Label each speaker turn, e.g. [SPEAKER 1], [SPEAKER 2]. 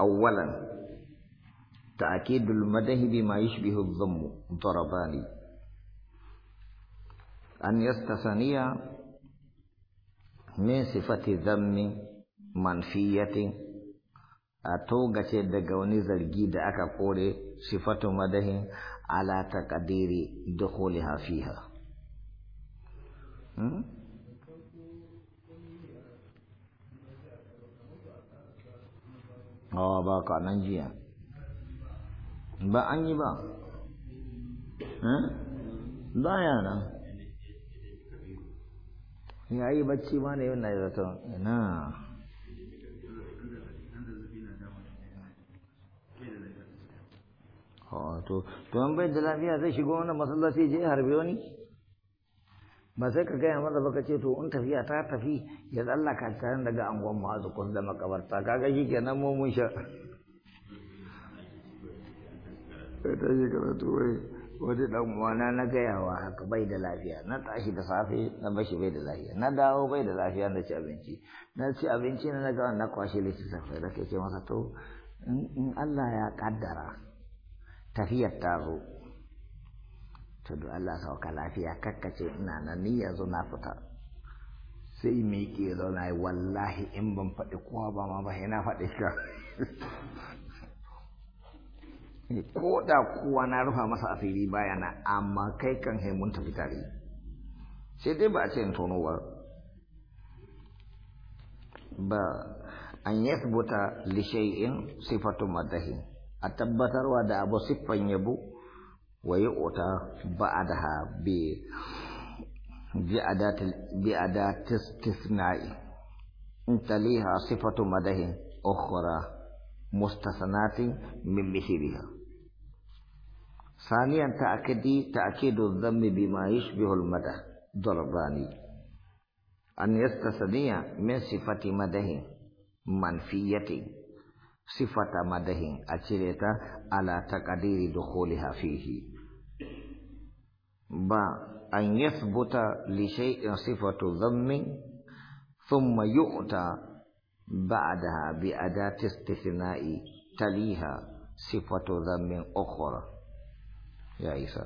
[SPEAKER 1] أولا تأكيد المده بما يشبه الضم ضربان أن يستثني من صفة ذم منفية أتوغة دقوني زرقي أكا قولي صفة مده على تقدير دخولها فيها hawa ba ka nan jiya ba an yi ba ba nan ya yi bacci ma da yau na zato to to an bai da lafiya zai shigo wani masallaci je harbe wani ba sai ka gaya maza baka ce to in tafiya ta tafi ya tsallaka can daga angon muhazu kun zama kabarta kaga shi kenan mu mun sha ta shi karatu wai wani dan uwana na gayawa haka bai da lafiya na tashi da safe na bashi bai da lafiya na dawo bai da lafiya na ci abinci na ci abinci na na gawa na kwashe safe da ke ce masa to in Allah ya kaddara tafiyar ta zo to da Allah ka lafiya kakkace ina na ni yanzu na fita sai me ke zauna wallahi in ban faɗi kowa ba ma ba na faɗi ka ko da kowa na rufa masa asiri baya na amma kai kan mun tafi tare sai dai ba a ce in tono ba ba an yathbuta li shay'in sifatu madahi a tabbatarwa da abu siffan yabo ويؤتى بعدها ب بأداة بأداة استثناء تليها صفة مده أخرى مستثنات من مثلها ثانيا تأكيد تأكيد الذم بما يشبه المدى ضرباني أن يستثني من صفة مده منفية صفة مده أجريتا على تقدير دخولها فيه ba an yathbuta li shay'in sifatu dhammi thumma yu'ta ba'daha bi adati istithna'i taliha sifatu dhammi ukhra ya isa